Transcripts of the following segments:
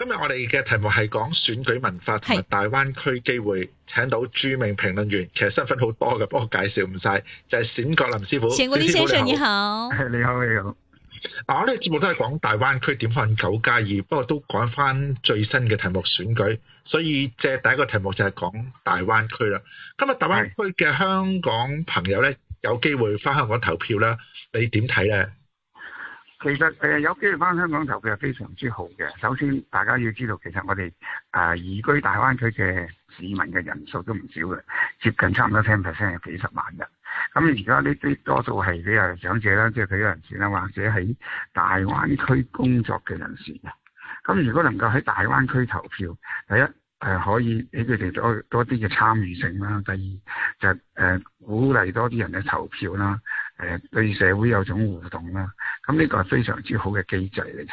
今日我哋嘅題目係講選舉文化同埋大灣區機會，是請到著名評論員，其實身份好多嘅，不過我介紹唔晒。就係、是、冼國林師傅，冼國林先生師傅，你好，你好，你好你好。嗱我哋節目都係講大灣區點看九加二，2，不過都講翻最新嘅題目選舉，所以借第一個題目就係講大灣區啦。今日大灣區嘅香港朋友咧是有機會翻香港投票啦，你點睇咧？其實誒有機會返香港投票係非常之好嘅。首先大家要知道，其實我哋誒移居大灣區嘅市民嘅人數都唔少嘅，接近差唔多 ten percent 有幾十萬人。咁而家呢啲多數係比較長者啦，即係退休人士啦，或者喺大灣區工作嘅人士嘅。咁如果能夠喺大灣區投票，第一誒、呃、可以俾佢哋多多啲嘅參與性啦，第二就誒、是呃、鼓勵多啲人嘅投票啦。誒，對社會有種互動啦，咁、這、呢個係非常之好嘅機製嚟嘅。誒、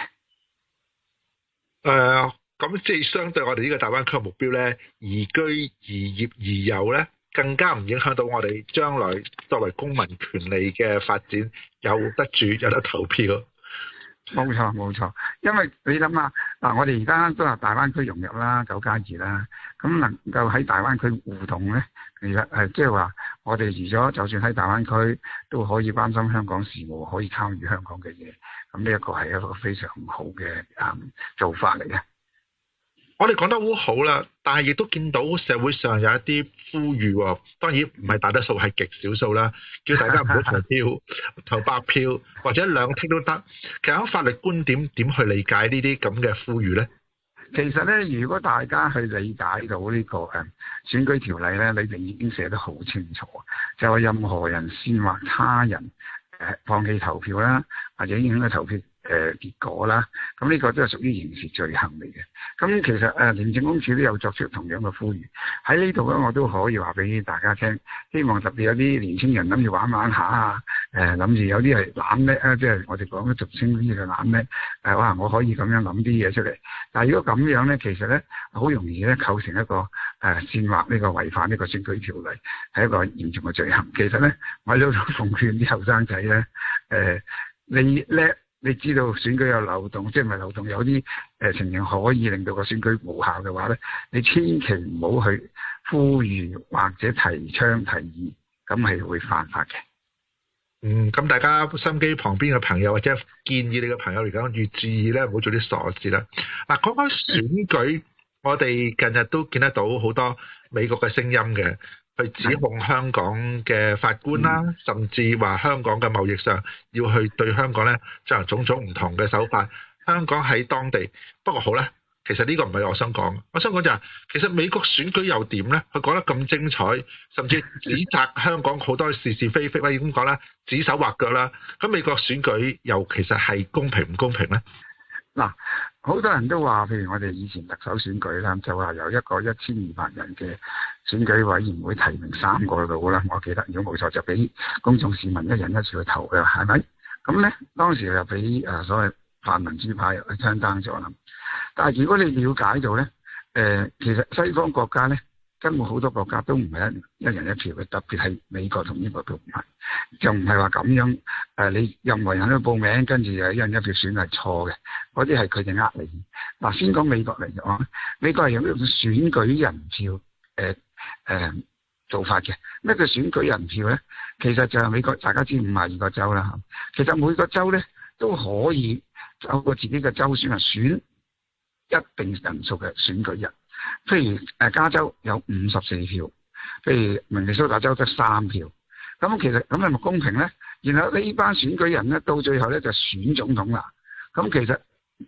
呃，咁即係相對我哋呢個大灣區目標呢宜居移移呢、宜業、宜遊，呢更加唔影響到我哋將來作為公民權利嘅發展，有得住、有得投票。冇錯冇錯，因為你諗下嗱，我哋而家都係大灣區融入啦，九加二啦，咁能夠喺大灣區互動呢，其實即係話，我哋除咗就算喺大灣區都可以關心香港事務，可以參與香港嘅嘢，咁呢一個係一個非常好嘅、嗯、做法嚟嘅。我哋講得好好啦，但係亦都見到社會上有一啲呼籲，當然唔係大多數，係極少數啦，叫大家唔好投票、 投白票或者兩剔都得。其實喺法律觀點點去理解呢啲咁嘅呼籲呢？其實呢，如果大家去理解到呢個誒選舉條例呢，你哋已經寫得好清楚，就話、是、任何人煽惑他人放棄投票啦，或者影響佢投票。誒、呃、結果啦，咁、嗯、呢、這個都係屬於刑事罪行嚟嘅。咁、嗯、其實誒廉、呃、政公署都有作出同樣嘅呼籲喺呢度咧，我都可以話俾大家聽。希望特別有啲年青人諗住玩玩下、呃、啊，誒諗住有啲係懶叻啊，即係我哋講俗稱呢個懶叻誒。哇，我可以咁樣諗啲嘢出嚟。但係如果咁樣咧，其實咧好容易咧構成一個誒煽惑呢個違反呢、這個選舉條例係一個嚴重嘅罪行。其實咧，我都要奉勸啲後生仔咧誒，你叻。你知道選舉有漏洞，即係唔係漏洞？有啲誒情形可以令到個選舉無效嘅話咧，你千祈唔好去呼籲或者提倡提議，咁係會犯法嘅。嗯，咁大家心機旁邊嘅朋友或者建議你嘅朋友嚟講，要注意咧，唔好做啲傻事啦。嗱，講返選舉，我哋近日都見得到好多美國嘅聲音嘅。去指控香港嘅法官啦，嗯、甚至話香港嘅貿易上要去對香港咧進行種種唔同嘅手法。香港喺當地，不過好咧，其實呢個唔係我想講，我想講就係，其實美國選舉又點咧？佢講得咁精彩，甚至指責香港好多是是非非啦，已經講啦，指手畫腳啦。咁美國選舉又其實係公平唔公平咧？嗱。啊好多人都話，譬如我哋以前特首選舉啦，就話有一個一千二百人嘅選舉委員會提名三個佬啦。我記得，如果冇錯就俾公眾市民一人一次去投嘅，係咪？咁呢，當時就俾誒所謂泛民主派相爭咗啦。但係如果你了解到呢，誒、呃，其實西方國家呢，根本好多國家都唔係一一人一票嘅，特別係美國同英國票唔係，就唔係話咁樣誒、呃，你任何人去報名，跟住又一人一票選係錯嘅，嗰啲係佢哋呃你。嗱，先講美國嚟嘅，我美國係用一種選舉人票誒誒、呃呃、做法嘅，咩叫選舉人票咧？其實就係美國大家知五十二個州啦，其實每個州咧都可以透過自己嘅州選嚟選一定人數嘅選舉人。譬如誒加州有五十四票，譬如明尼蘇達州得三票，咁其實咁係咪公平咧？然後呢班選舉人咧，到最後咧就選總統啦，咁其實。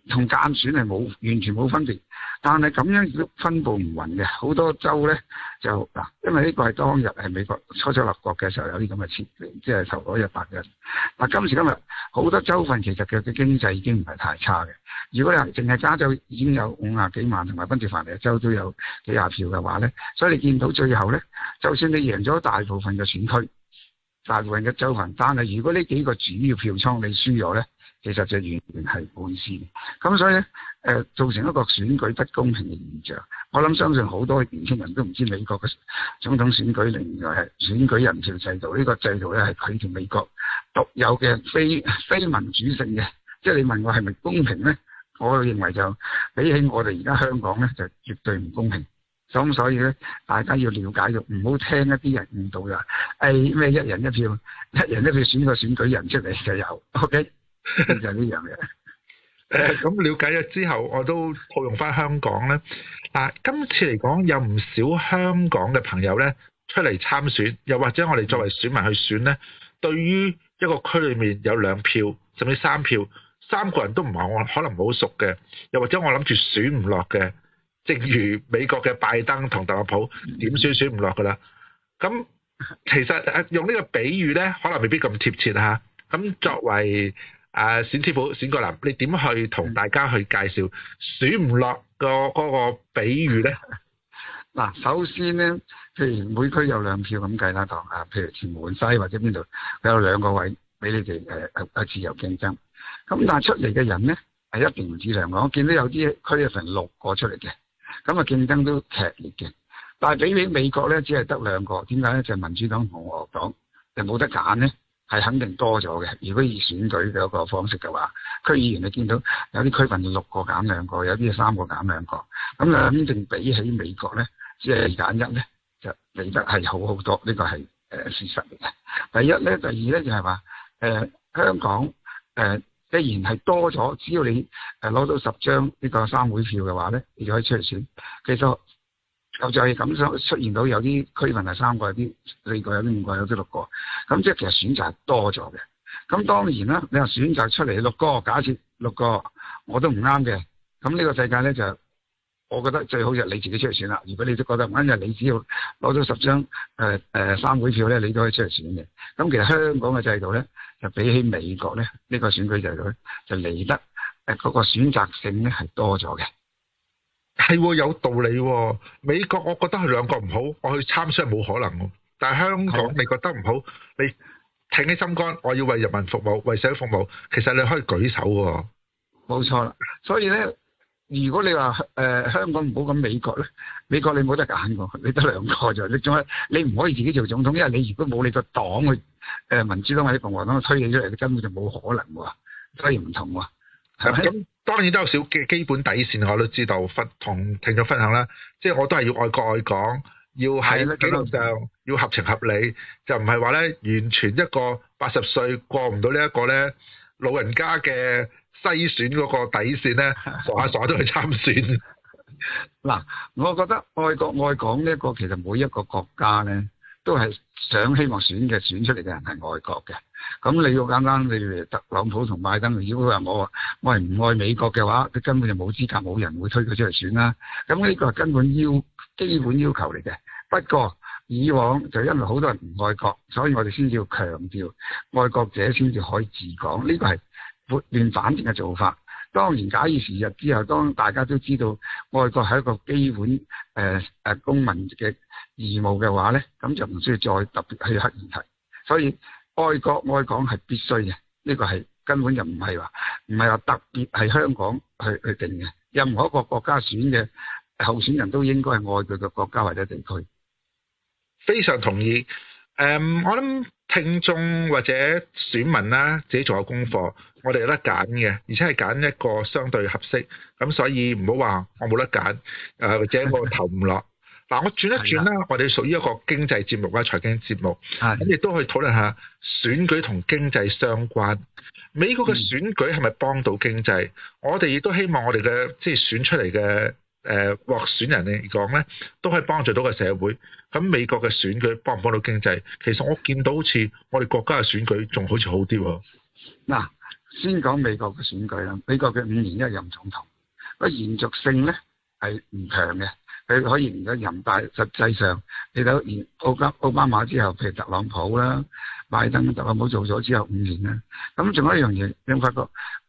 同間選係冇完全冇分別，但係咁樣分布唔均嘅，好多州呢，就嗱，因為呢個係當日係美國初初立國嘅時候有啲咁嘅設，即係頭嗰日白日。嗱，今時今日好多州份其實佢嘅經濟已經唔係太差嘅。如果你係淨係加州已經有五廿幾萬，同埋賓夕凡尼亞州都有幾廿票嘅話呢，所以你見到最後呢，就算你贏咗大部分嘅選區，大部分嘅州份，但係如果呢幾個主要票倉你輸咗呢。其實就完全係冇意思咁，所以咧，誒、呃、造成一個選舉不公平嘅現象。我諗相信好多年輕人都唔知美國嘅總統選舉原來係選舉人票制度，呢、這個制度咧係佢同美國獨有嘅非非民主性嘅。即係你問我係咪公平咧？我認為就比起我哋而家香港咧，就絕對唔公平。咁所以咧，大家要了解，要唔好聽一啲人誤導就話，誒、哎、咩一人一票，一人一票選個選舉人出嚟，就有。O K。就呢 樣嘢。誒，咁了解咗之後，我都套用翻香港咧。嗱、啊，今次嚟講有唔少香港嘅朋友咧，出嚟參選，又或者我哋作為選民去選咧。對於一個區裏面有兩票甚至三票，三個人都唔係我可能唔好熟嘅，又或者我諗住選唔落嘅。正如美國嘅拜登同特朗普點選選唔落㗎啦。咁其實誒、啊、用呢個比喻咧，可能未必咁貼切吓。咁、啊、作為誒、啊，冼師傅，冼國林，你點去同大家去介紹、嗯、選唔落個嗰個比喻咧？嗱，首先咧，譬如每區有兩票咁計啦，當啊，譬如屯門西或者邊度有兩個位俾你哋誒誒自由競爭。咁但係出嚟嘅人咧係一定唔止兩個，我見到有啲區啊成六個出嚟嘅，咁啊競爭都劇烈嘅。但係比起美國咧，只係得兩個，點解咧？就是、民主黨同共和黨就冇得揀咧？係肯定多咗嘅。如果以選舉嘅一個方式嘅話，區議員你見到有啲區份要六個減兩個，有啲三個減兩個，咁啊肯定比起美國呢，即係減一呢，就嚟、是、得係好好多。呢、這個係誒、呃、事實嚟嘅。第一呢，第二呢，就係話誒香港誒、呃，既然係多咗，只要你誒攞、呃、到十張呢個三會票嘅話呢，你就可以出嚟選。其實，就就係咁，出出現到有啲區分係三個，有啲四個，有啲五個，有啲六個。咁即係其實選擇多咗嘅。咁當然啦，你話選擇出嚟六個，假設六個我都唔啱嘅，咁呢個世界咧就，我覺得最好就你自己出嚟選啦。如果你都覺得，唔啱，就你只要攞咗十張誒誒三會票咧，你都可以出嚟選嘅。咁其實香港嘅制度咧，就比起美國咧，呢、呢個選舉制度呢就就嚟得誒嗰、呃嗰個選擇性咧係多咗嘅。係喎，有道理喎。美國我覺得係兩個唔好，我去參選冇可能。但係香港你覺得唔好，你挺起心肝，我要為人民服務，為社會服務。其實你可以舉手喎。冇錯啦。所以咧，如果你話誒、呃、香港唔好咁，美國咧，美國你冇得揀喎，你得兩個就你仲係，你唔可以自己做總統，因為你如果冇你個黨去誒、呃、民主黨或者共和黨推你出嚟，你根本就冇可能喎。所以唔同喎，係咪？當然都有少嘅基本底線，我都知道。分同聽咗分享啦，即係我都係要愛國愛港，要喺理論上要合情合理，的就唔係話咧完全一個八十歲過唔到呢一個咧老人家嘅篩選嗰個底線咧傻下傻下都去參選。嗱， 我覺得愛國愛港呢一個其實每一個國家咧，都係想希望選嘅選出嚟嘅人係愛國嘅，咁你要啱啱你特朗普同拜登，如果佢話我我係唔愛美國嘅話，佢根本就冇資格，冇人會推佢出嚟選啦、啊。咁呢個係根本要基本要求嚟嘅。不過以往就因為好多人唔愛國，所以我哋先至要強調愛國者先至可以治港，呢個係撥亂反正嘅做法。當然，假以時日之後，當大家都知道愛國係一個基本誒誒、呃、公民嘅義務嘅話呢，咁就唔需要再特別去刻意提。所以愛國愛港係必須嘅，呢、呢個係根本就唔係話唔係話特別係香港去去定嘅，任何一個國家選嘅候選人都應該係愛佢嘅國家或者地區。非常同意。誒、嗯，我諗聽眾或者選民啦，自己做下功課。 我哋有得揀嘅，而且係揀一個相對合適，咁所以唔好話我冇得揀，誒或者我投唔落。嗱，我轉一轉啦，的我哋屬於一個經濟節目啦，財經節目，咁的亦都可以討論下選舉同經濟相關。美國嘅選舉係咪幫到經濟？嗯、我哋亦都希望我哋嘅即係選出嚟嘅誒獲選人嚟講咧，都可以幫助到個社會。咁、嗯、美國嘅選舉幫唔幫到經濟？其實我見到好似我哋國家嘅選舉仲好似好啲喎。嗱。先講美國嘅選舉啦，美國嘅五年一任總統，個延續性咧係唔強嘅，佢可以連咗任，但係實際上你睇奧巴奧巴馬之後，譬如特朗普啦，拜登特朗普做咗之後五年啦，咁仲有一樣嘢你發覺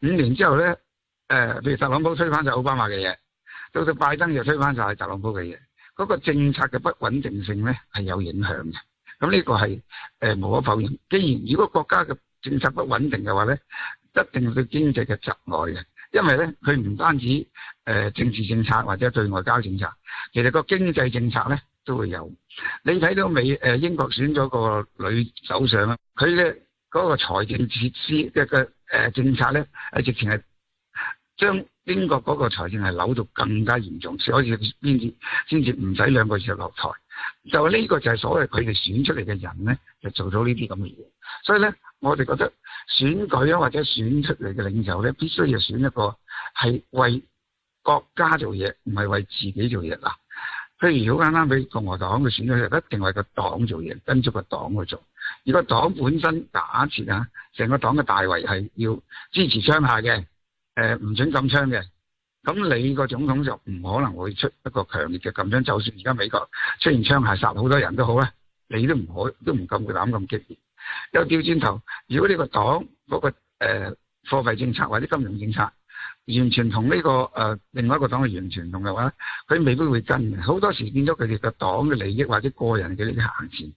五年之後咧，誒譬如特朗普推翻晒奧巴馬嘅嘢，到到拜登又推翻曬特朗普嘅嘢，嗰、那個政策嘅不穩定性咧係有影響嘅，咁、這、呢個係誒無可否認。既然如果國家嘅政策不穩定嘅話咧，一定係對經濟嘅窒礙嘅，因為咧佢唔單止誒政治政策或者對外交政策，其實個經濟政策咧都會有。你睇到美誒英國選咗個女首相啦，佢嘅嗰個財政設施即係個政策咧，係直情係將英國嗰個財政係扭到更加嚴重，所以先至先至唔使兩個月就落台。就呢個就係所謂佢哋選出嚟嘅人呢，就做到呢啲咁嘅嘢。所以呢，我哋覺得選舉啊，或者選出嚟嘅領袖呢，必須要選一個係為國家做嘢，唔係為自己做嘢嗱。譬如如果啱啱俾共和黨佢選咗，就一定為個黨做嘢，跟足個黨去做。如果黨本身打設吓，成個黨嘅大圍係要支持槍下嘅，誒唔准禁槍嘅。咁你個總統就唔可能會出一個強烈嘅禁槍，就算而家美國出現槍械殺好多人都好啦，你都唔可，都唔敢咁激烈。又調轉頭，如果你個黨嗰、那個誒、呃、貨幣政策或者金融政策完全同呢、這個誒、呃、另外一個黨係完全唔同嘅話，佢未必會跟。好多時變咗佢哋個黨嘅利益或者個人嘅呢啲行事，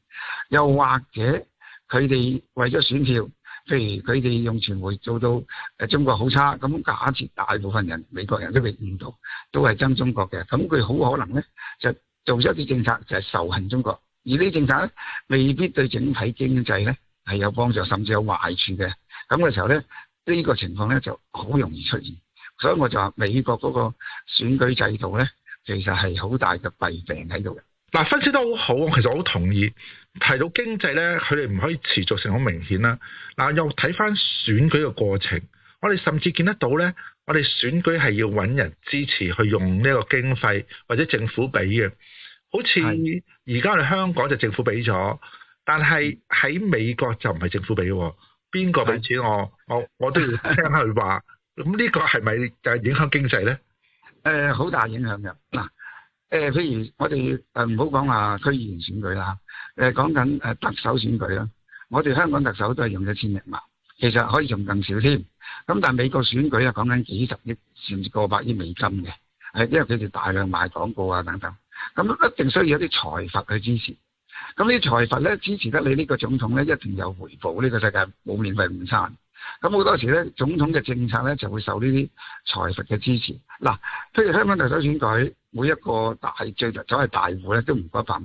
又或者佢哋為咗選票。譬如佢哋用傳媒做到誒中國好差，咁假設大部分人美國人都被誤導，都係憎中國嘅，咁佢好可能呢，就做咗一啲政策就係、是、仇恨中國，而呢啲政策呢，未必對整體經濟呢係有幫助，甚至有壞處嘅，咁嘅時候呢，呢、這個情況呢就好容易出現，所以我就話美國嗰個選舉制度呢，其實係好大嘅弊病喺度嘅。嗱、啊，分析得好好，我其實好同意。提到經濟咧，佢哋唔可以持續性好明顯啦。嗱、啊，又睇翻選舉嘅過程，我哋甚至見得到咧，我哋選舉係要揾人支持去用呢個經費，或者政府俾嘅。好似而家我哋香港就政府俾咗，但係喺美國就唔係政府俾嘅，邊個俾錢我？是我我都要聽佢話。咁呢個係咪就係影響經濟咧？誒、呃，好大影響嘅嗱。誒、呃，譬如我哋誒唔好講話區議員選舉啦，誒講緊誒特首選舉啦，我哋香港特首都係用咗千零萬，其實可以用更少添，咁但係美國選舉又講緊幾十億甚至過百億美金嘅，係因為佢哋大量賣廣告啊等等，咁一定需要一啲財閥去支持，咁呢啲財閥咧支持得你呢個總統咧一定有回報，呢個世界冇免費午餐。咁好多時咧，總統嘅政策咧就會受呢啲財閥嘅支持。嗱、啊，譬如香港特首選舉，每一個大罪所謂大戶咧都唔過一百萬。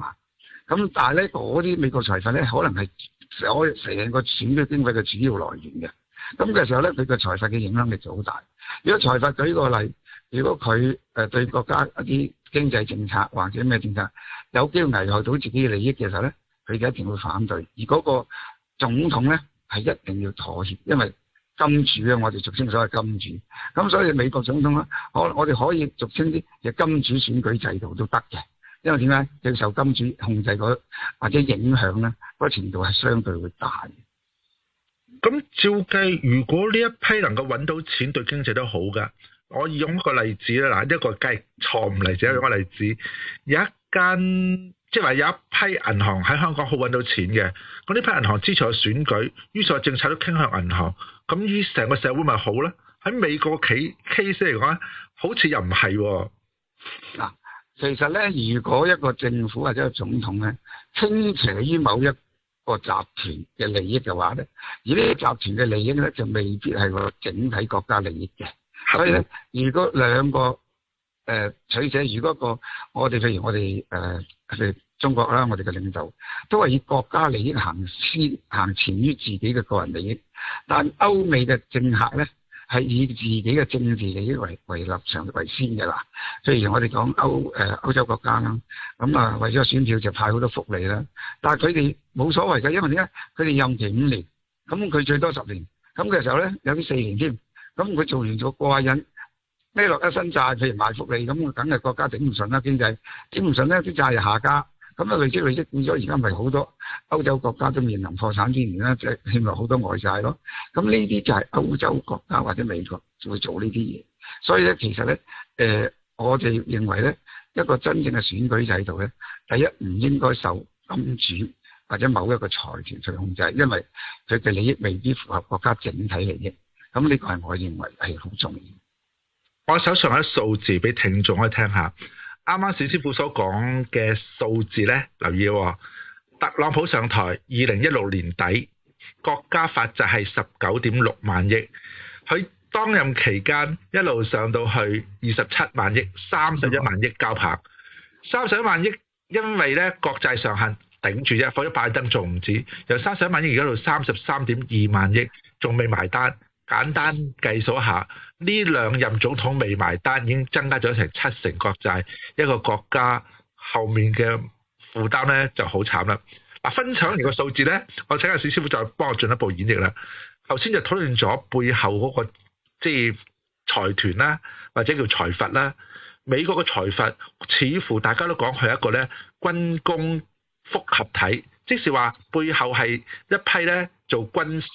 咁但係咧，嗰啲美國財閥咧可能係所成個選舉經費嘅主要來源嘅。咁嘅時候咧，佢嘅財閥嘅影響力就好大。如果財閥舉個例，如果佢誒對國家一啲經濟政策或者咩政策有機會危害到自己嘅利益嘅時候咧，佢就一定會反對。而嗰個總統咧，係一定要妥協，因為金主啊，我哋俗稱所謂金主，咁所以美國總統啊，可我哋可以俗稱啲叫金主選舉制度都得嘅，因為點解要受金主控制嗰，或者影響咧？嗰程度係相對會大。咁照計，如果呢一批能夠揾到錢，對經濟都好噶。我用一個例子啦，嗱，一個雞錯誤例子，用個例子，有一間。即係話有一批銀行喺香港好揾到錢嘅，咁呢批銀行支持個選舉，於所有政策都傾向銀行，咁於成個社會咪好咧？喺美國 case 嚟講，好似又唔係喎。嗱，其實咧，如果一個政府或者個總統咧傾斜於某一個集團嘅利益嘅話咧，而呢個集團嘅利益咧就未必係個整體國家利益嘅，所以咧，如果兩個，誒、呃，取捨如果個我哋，譬如我哋誒，譬如我哋中國啦，我哋嘅領導都係以國家利益行先，行前於自己嘅個人利益。但歐美嘅政客咧，係以自己嘅政治利益為為立場為先嘅啦。譬如我哋講歐誒歐洲國家啦，咁啊為咗選票就派好多福利啦。但係佢哋冇所謂嘅，因為點解？佢哋任期五年，咁佢最多十年，咁嘅時候咧有啲四年添，咁佢做完咗過下孭落一身債，譬如賣福利咁，梗係國家頂唔順啦，經濟頂唔順咧，啲債下家，咁啊，累積累積變咗，而家咪好多歐洲國家都面臨破產之年啦，即係欠落好多外債咯。咁呢啲就係歐洲國家或者美國會做呢啲嘢。所以咧，其實咧，誒、呃，我哋認為咧，一個真正嘅選舉制度咧，第一唔應該受金主或者某一個財團去控制，因為佢嘅利益未必符合國家整體利益。咁呢個係我認為係好重要。我手上有數字俾聽眾可以聽下，啱啱冼師傅所講嘅數字咧，留意、哦、特朗普上台二零一六年底國家負債係十九點六萬億，佢當任期間一路上到去二十七萬億、三十一萬億交棒，三十一萬億因為咧國際上限頂住啫，否則拜登仲唔止，由三十一萬億而家到三十三點二萬億，仲未埋單。簡單計數一下，呢兩任總統未埋單已經增加咗成七成國債，一個國家後面嘅負擔咧就好慘啦。嗱，分享完個數字咧，我請阿史師傅再幫我進一步演繹啦。頭先就討論咗背後嗰個即係財團啦，或者叫財閥啦。美國嘅財閥似乎大家都講佢係一個咧軍工複合體，即是話背後係一批咧做軍事。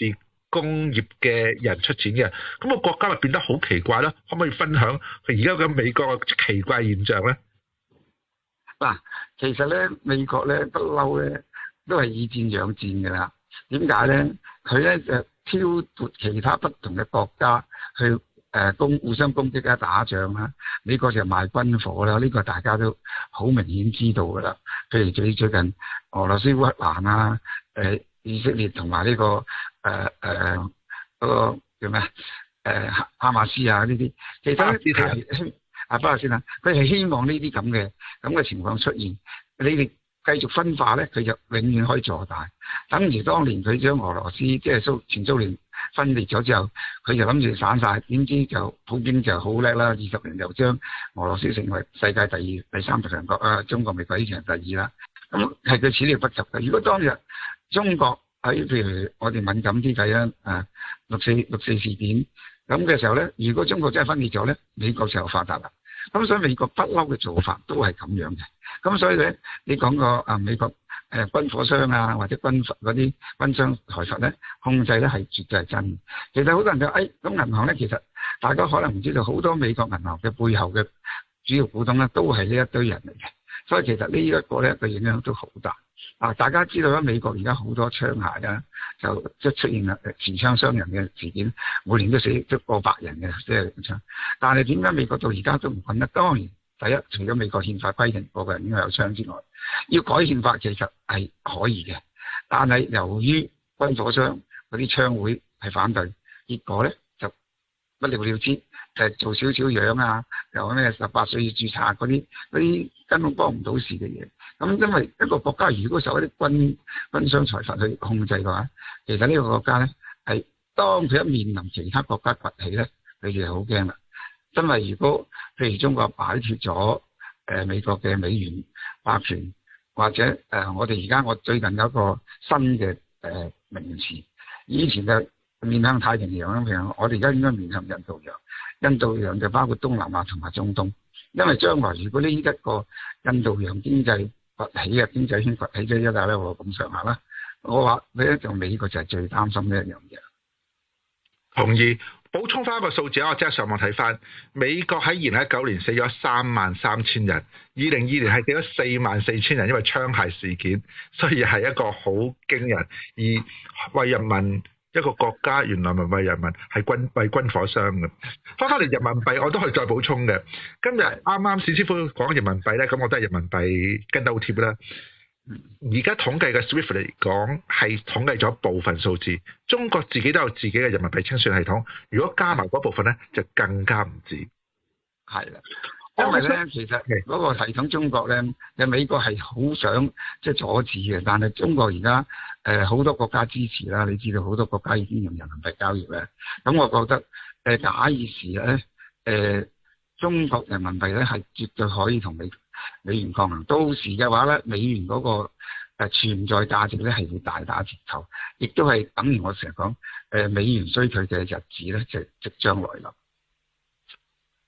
工業嘅人出錢嘅，咁個國家咪變得好奇怪咯？可唔可以分享佢而家嘅美國嘅奇怪現象咧？嗱，其實咧美國咧不嬲咧，都係以戰養戰㗎啦。點解咧？佢咧就挑撥其他不同嘅國家去誒攻、呃、互相攻擊啊，打仗啊。美國就賣軍火啦，呢個大家都好明顯知道㗎啦。譬如最最近俄羅斯烏克蘭啊，誒。以色列同埋呢個誒誒、呃呃，那個叫咩？誒、呃、哈馬斯啊呢啲，其他不過，啊啊、先啦，佢係希望呢啲咁嘅咁嘅情況出現，你哋繼續分化咧，佢就永遠可以做大。等於當年佢將俄羅斯即係蘇前蘇聯分裂咗之後，佢就諗住散晒，點知就普京就好叻啦，二十年就將俄羅斯成為世界第二、第三強國啊、呃！中國未夠呢場第二啦。咁係佢始料不及嘅。如果當日，中國喺譬如我哋敏感啲計啊，啊六四六四事件咁嘅時候咧，如果中國真係分裂咗咧，美國就又發達啦。咁所以美國不嬲嘅做法都係咁樣嘅。咁所以咧，你講個啊美國誒軍火商啊或者軍閥嗰啲軍商財閥咧，控制咧係絕對係真。其實好多人就誒咁銀行咧，其實大家可能唔知道好多美國銀行嘅背後嘅主要股東咧，都係呢一堆人嚟嘅。所以其實呢一個咧，個影響都好大。啊！大家知道啦，美國而家好多槍械啦，就即係出現啦持槍傷人嘅事件，每年都死都過百人嘅，即係槍。但係點解美國到而家都唔瞓得？當然，第一，除咗美國憲法規定個個人應該有槍之外，要改憲法其實係可以嘅。但係由於軍火商嗰啲槍會係反對，結果咧就不了了之，就係做少少樣啊，又咩十八歲要註冊嗰啲嗰啲根本幫唔到事嘅嘢。咁因為一個國家如果受一啲軍軍商財閥去控制嘅話，其實呢個國家咧係當佢一面臨其他國家崛起咧，佢哋係好驚啦。因為如果譬如中國擺脫咗誒美國嘅美元霸權，或者誒、呃、我哋而家我最近有一個新嘅誒、呃、名詞，以前就面向太平洋咁樣，我哋而家應該面向印度洋。印度洋就包括東南亞同埋中東，因為將來如果呢一家個印度洋經濟，崛起嘅經濟圈崛起咗一大粒，我咁上下啦。我話你咧，仲美國就係最擔心呢一樣嘢。同意補充翻一個數字，我即刻上網睇翻，美國喺二零一九年死咗三萬三千人，二零二年係死咗四萬四千人，因為槍械事件，所以係一個好驚人，而為人民。一個國家原來文為人民，係軍為軍火商嘅。翻返嚟人民幣，我都可以再補充嘅。今日啱啱史師傅講人民幣咧，咁我都係人民幣跟得好貼啦。而家統計嘅 Swift 嚟講，係統計咗部分數字。中國自己都有自己嘅人民幣清算系統。如果加埋嗰部分咧，就更加唔止。係啦。因為咧，其實誒嗰個系統中國咧，嘅美國係好想即係阻止嘅，但係中國而家誒好多國家支持啦，你知道好多國家已經用人民幣交易啦。咁、嗯、我覺得誒、呃、假以時日咧，誒、呃、中國人民幣咧係絕對可以同美美元抗衡。到時嘅話咧，美元嗰個存在價值咧係會大打折扣，亦都係等於我成日講誒美元衰退嘅日子咧，就是、即將來臨。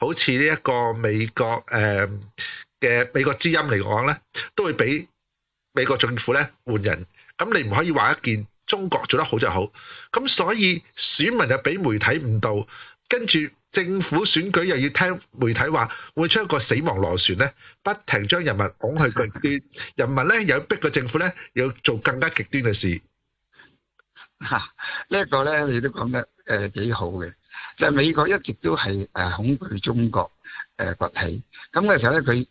好似呢一個美國誒嘅美國之音嚟講咧，都會俾美國政府咧換人。咁你唔可以話一件中國做得好就好。咁所以選民又俾媒體誤導，跟住政府選舉又要聽媒體話，會出一個死亡螺旋咧，不停將人民拱去極端。人民咧又逼個政府咧要做更加極端嘅事。嚇呢一個咧，你都講得誒幾好嘅。就係美國一直都係誒恐懼中國誒、呃、崛起，咁嘅時候咧，佢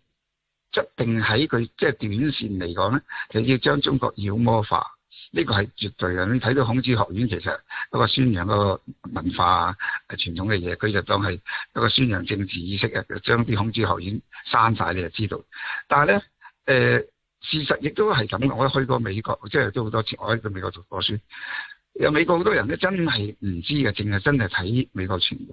側定喺佢即係短線嚟講咧，係要將中國妖魔化，呢個係絕對嘅。你睇到孔子學院其實一個宣揚一個文化啊傳統嘅嘢，佢就當係一個宣揚政治意識嘅，將啲孔子學院刪晒。你就知道。但係咧誒事實亦都係咁，我去過美國，即係都好多次，我喺美國讀過書。有美國好多人咧，真係唔知嘅，淨係真係睇美國傳媒。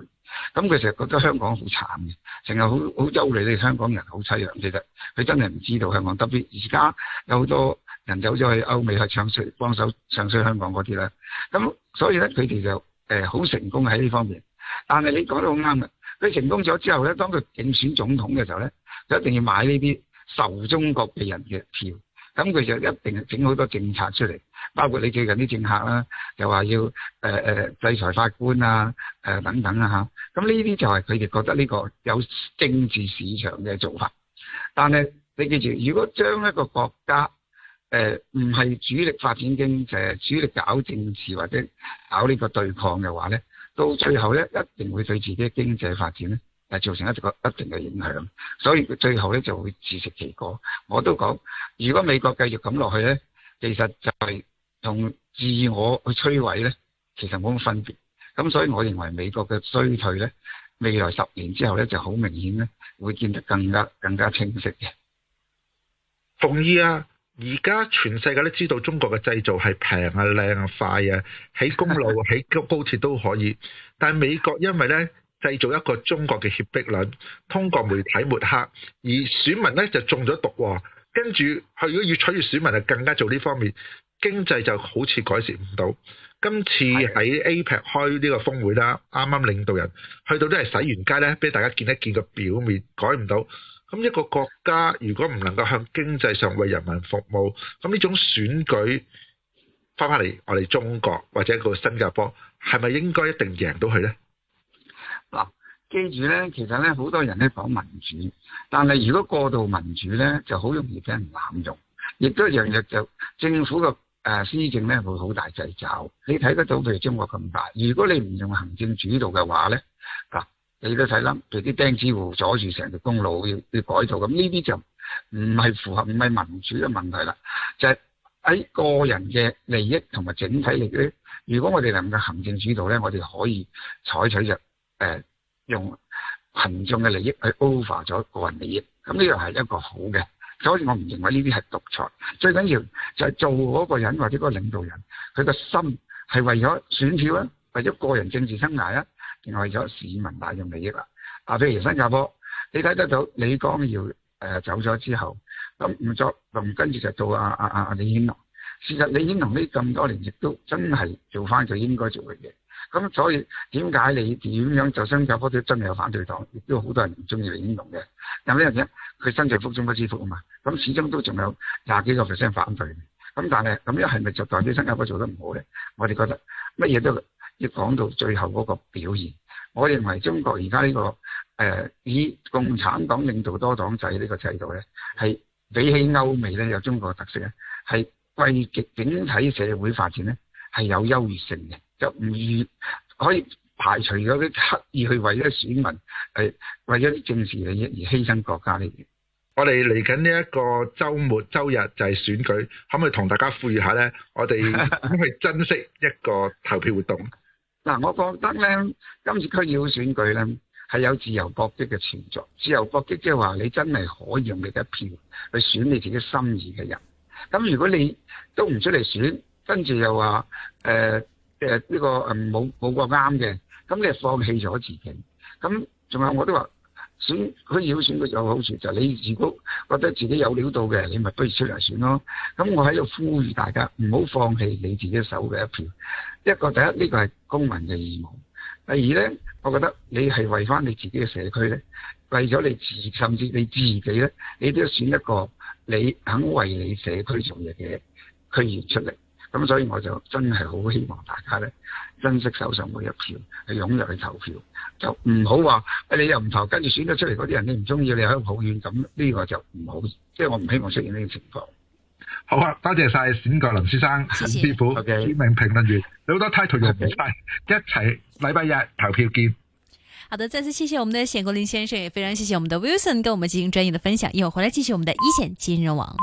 咁佢成日覺得香港好慘嘅，成日好好憂慮你哋香港人好淒涼嘅其實，佢真係唔知道香港得。特別而家有好多人走咗去歐美去唱衰、幫手唱衰香港嗰啲咧。咁所以咧，佢哋就誒好成功喺呢方面。但係你講得好啱嘅，佢成功咗之後咧，當佢競選總統嘅時候咧，就一定要買呢啲仇中國嘅人嘅票。咁佢就一定整好多政策出嚟。包括你最近啲政客啦，又話要誒誒、呃、制裁法官、呃、等等啊，誒等等啊吓，咁呢啲就係佢哋覺得呢個有政治市場嘅做法。但係你記住，如果將一個國家誒唔係主力發展經濟，主力搞政治或者搞呢個對抗嘅話咧，到最後咧一定會對自己嘅經濟發展咧，誒造成一個一定嘅影響。所以最後咧就會自食其果。我都講，如果美國繼續咁落去咧，其實就係、是，同自我去摧毀咧，其實冇乜分別。咁所以，我認為美國嘅衰退咧，未來十年之後咧，就好明顯咧，會見得更加更加清晰嘅。同意啊！而家全世界都知道中國嘅製造係平啊、靚啊、快啊，起公路、起高高鐵都可以。 但係美國因為咧製造一個中國嘅協迫壘，通過媒體抹黑，而選民咧就中咗毒喎、啊。跟住佢如果要取悅選民就更加做呢方面。經濟就好似改善唔到，今次喺 APEC 開呢個峰會啦，啱啱領導人去到都係洗完街呢，俾大家見一見個表面，改唔到。咁一個國家如果唔能夠向經濟上為人民服務，咁呢種選舉翻返嚟我哋中國或者個新加坡係咪應該一定贏到佢呢？嗱，記住呢，其實呢，好多人呢講民主，但係如果過度民主呢，就好容易俾人濫用，亦都日日就政府嘅。誒施、啊、政咧會好大掣肘，你睇得到譬如中國咁大，如果你唔用行政主導嘅話咧，嗱、啊、你都睇啦。譬如啲釘子戶阻住成條公路要要改造咁，呢啲就唔係符合唔係民主嘅問題啦，就係、是、喺個人嘅利益同埋整體利益咧，如果我哋能夠行政主導咧，我哋可以採取就誒、呃、用羣眾嘅利益去 over 咗個人利益，咁呢個係一個好嘅。所以我唔認為呢啲係獨裁，最緊要就係做嗰個人或者嗰個領導人，佢個心係為咗選票啊，為咗個人政治生涯啊，定為咗市民大眾利益啦。啊，譬如新加坡，你睇得到李光耀誒、呃、走咗之後，咁吳作棟跟住就做阿阿阿李顯龍。事實李顯龍呢咁多年亦都真係做翻佢應該做嘅嘢。咁所以點解你點樣就新加坡都真係有反對黨，亦都好多人唔中意你呢種嘅？但呢樣嘢，佢身在福中不知福啊嘛！咁始終都仲有廿幾個 percent 反對。咁但係咁一係咁樣係咪就代表新加坡做得唔好咧？我哋覺得乜嘢都要講到最後嗰個表現。我認為中國而家呢個誒、呃、以共產黨領導多黨制呢個制度咧，係比起歐美咧有中國特色咧，係歸極整體社會發展咧係有優越性嘅。就唔易可以排除咗啲刻意去為咗選民，係為咗啲政治利益而犧牲國家呢？我哋嚟緊呢一個周末，周日就係選舉，可唔可以同大家呼籲下呢？我哋可唔可以珍惜一個投票活動。嗱，我覺得呢今次區議會選舉呢，係有自由搏擊嘅存在。自由搏擊即係話你真係可以用你嘅票去選你自己心儀嘅人。咁如果你都唔出嚟選，跟住又話，誒。呃誒呢、這個誒冇冇個啱嘅，咁、嗯、係你放棄咗自己，咁仲有我都話選佢要選嘅有好處，就係你如果覺得自己有料到嘅，你咪不如出嚟選咯。咁我喺度呼籲大家唔好放棄你自己手嘅一票。一個第一呢個係公民嘅義務，第二咧，我覺得你係為翻你自己嘅社區咧，為咗你自甚至你自己咧，你都要選一個你肯為你社區做嘢嘅區議員出嚟。咁、嗯、所以我就真係好希望大家咧珍惜手上每一票，係踴躍去投票，就唔好話你又唔投，跟住選咗出嚟嗰啲人你唔中意，你喺度抱怨咁，呢個就唔好，即係我唔希望出現呢個情況。好啊，多謝晒冼國林先生、陳謝師傅、知 okay. 名評論員，有好多 title 又唔帶，Okay. 一齊禮拜日投票見。好的，再次謝謝我們的冼國林先生，也非常謝謝我們的 Wilson 跟我們進行專業的分享。一會回來繼續我們的一線金融網。